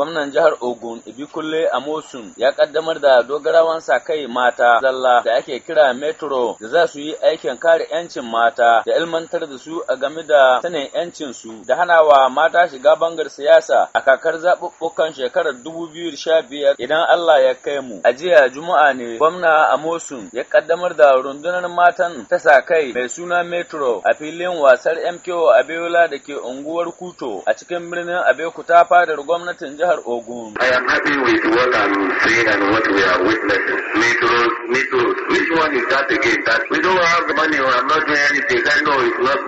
gwamnan jihar ogun ibikulle amosun ya kaddamar da dogarawan sa kai mata zalla da ake kira metro da za su yi aikin kare yancin mata da ilmantar da su a game da sanin yancin su da hanawa mata shiga bangar siyasa a kakar zaɓuɓɓukan shekarar 2015 idan Allah ya kai mu a jiya juma'a ne gwamna amosun ya kaddamar da rundunar matan ta sa kai mai suna metro a filin wasar mko abeola da ke unguwar kuto a cikin birnin abeokuta fadar gwamnatin jihar jihar Ogun. I am happy with what I'm seeing and what we are witnessing. Metro, metro, which one is that again? That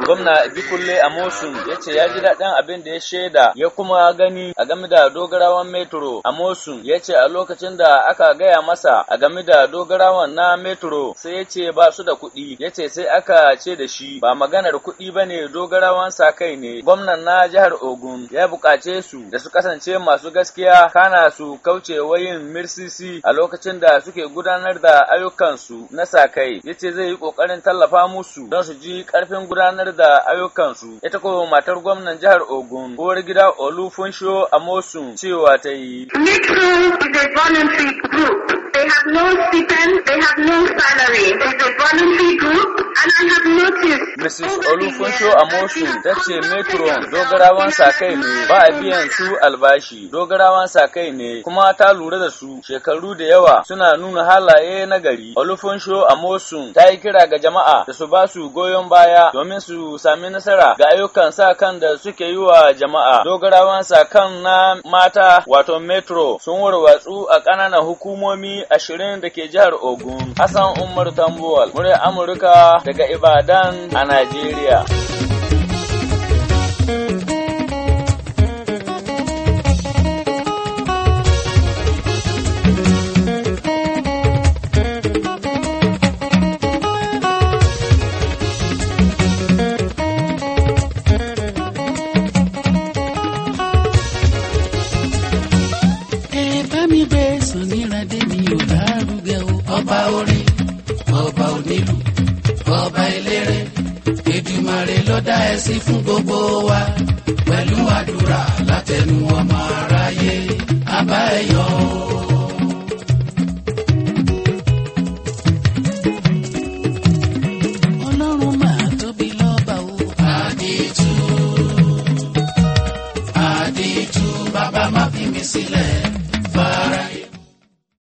Gwamna Bikulle Amosun ya ce ya ji daɗin abin da ya shaida ya kuma gani a game da dogarawan metro. Amosun ya ce a lokacin da aka gaya masa a game da dogarawan na metro sai ya ce ba su da kuɗi. Ya ce sai aka ce da shi ba maganar kuɗi ba ne dogarawan sa kai ne. Gwamnan na jihar Ogun ya buƙace su da su kasance masu gaskiya kana su kauce yin mirsisi a lokacin da suke gudanar da ayyukansu na sa kai. Ya ce zai yi ƙoƙarin tallafa musu don su ji ƙarfin gudanar da da ayyukansu. Ita ko matar gwamnan jihar Ogun, uwar gida Olufunsho Amosun cewa ta yi. They have no stipend, they have no salary. It's a voluntary Mrs. Olufunso Amosu ta ce Metron dogarawan sa kai ne ba a biyan su albashi dogarawan sa kai ne kuma ta lura da su shekaru da yawa suna nuna halaye na gari. Olufunso Amosu ta yi kira ga jama'a da su ba su goyon baya domin su sami nasara ga ayyukan sa kan da suke yi wa jama'a. Dogarawan sa kan na mata wato Metro sun warwatsu a ƙananan hukumomi ashirin da ke jihar Ogun. Hassan Umar Tambuwal, murya Amurka daga Ibadan a Nigeria. ọba orin ọba onílù ọba eléré. Èdùmàrè ló dá ẹṣin fún gbogbo wa pẹ̀lú àdúrà látẹnu ọmọ aráyé abá ẹ̀ yọ̀ ọ́.